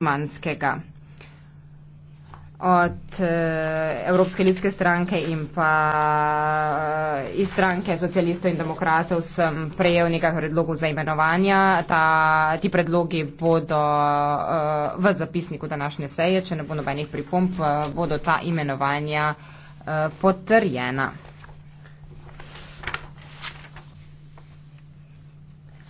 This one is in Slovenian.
Manskega. Od e, Evropske ljudske stranke in pa e, iz stranke socialistov in demokratov sem prejel nekaj predlogov za imenovanja. Ta, ti predlogi bodo e, v zapisniku današnje seje, če ne bo nobenih pripomp, e, bodo ta imenovanja e, potrjena.